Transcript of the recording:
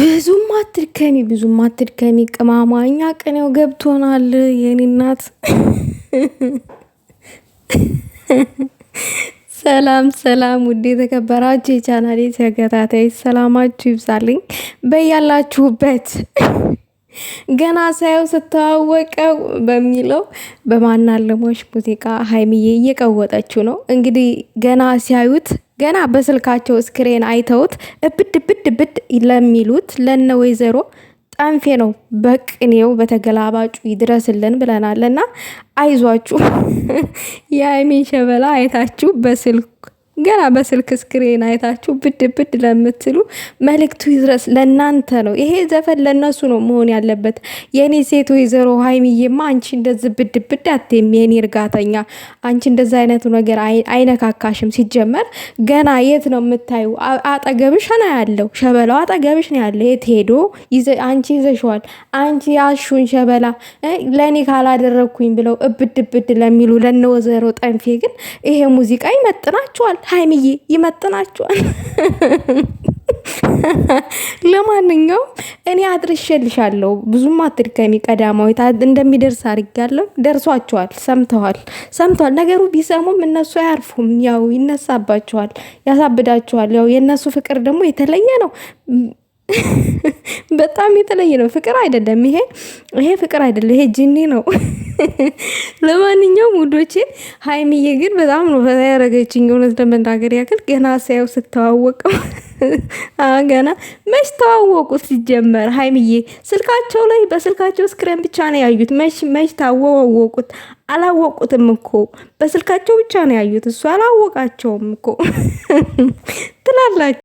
ብዙም አትድከሚ፣ ብዙም አትድከሚ ቅማማ፣ እኛ ቅኔው ገብቶናል። የኔ እናት ሰላም ሰላም፣ ውድ የተከበራችሁ የቻናሌ ተከታታይ ሰላማችሁ ይብዛልኝ በያላችሁበት። ገና ሳየው ስተዋወቀው በሚለው በማናለሞች ሙዚቃ ሀይሚዬ እየቀወጠችው ነው። እንግዲህ ገና ሲያዩት ገና በስልካቸው ስክሬን አይተውት እብድ ብድ ብድ ለሚሉት ለነ ወይዘሮ ጠንፌ ነው በቅኔው በተገላባጩ ይድረስልን ብለናል እና አይዟችሁ የአይሜን ሸበላ አይታችሁ በስልክ ገና በስልክ ስክሪን አይታችሁ ብድ ብድ ለምትሉ መልእክቱ ይድረስ። ለእናንተ ነው ይሄ ዘፈን፣ ለእነሱ ነው መሆን ያለበት። የእኔ ሴት ወይዘሮ ሀይሚዬማ አንቺ እንደዚህ ብድ ብድ አትይም፣ የኔ እርጋተኛ፣ አንቺ እንደዚ አይነቱ ነገር አይነካካሽም። ሲጀመር ገና የት ነው የምታዩ? አጠገብሽ ነው ያለው ሸበላው፣ አጠገብሽ ነው ያለው። የት ሄዶ አንቺ ይዘሸዋል? አንቺ አሹን ሸበላ ለእኔ ካላደረግኩኝ ብለው እብድ ብድ ለሚሉ ለነ ወይዘሮ ጠንፌ ግን ይሄ ሙዚቃ ይመጥናችኋል። ሀይሚዬ ይመጥናችኋል። ለማንኛውም እኔ አድርሼልሻለሁ። ብዙም አትድከሚ። ቀዳማዊት እንደሚደርስ አድርጋለሁ። ደርሷቸዋል። ሰምተዋል ሰምተዋል። ነገሩ ቢሰሙም እነሱ አያርፉም። ያው ይነሳባቸዋል፣ ያሳብዳቸዋል። ያው የእነሱ ፍቅር ደግሞ የተለየ ነው። በጣም የተለየ ነው። ፍቅር አይደለም ይሄ ይሄ ፍቅር አይደለም ይሄ ጅኒ ነው። ለማንኛውም ውዶቼ ሀይሚዬ ግን በጣም ነው ፈታ ያደረገችኝ። እውነት ለመናገር ያክል ገና ሳየው ስተዋወቀው ገና መች ተዋወቁ? ሲጀመር ሀይሚዬ ስልካቸው ላይ በስልካቸው ስክሪን ብቻ ነው ያዩት። መች መች ታወወቁት? አላወቁትም እኮ በስልካቸው ብቻ ነው ያዩት። እሱ አላወቃቸውም እኮ ትላላችሁ።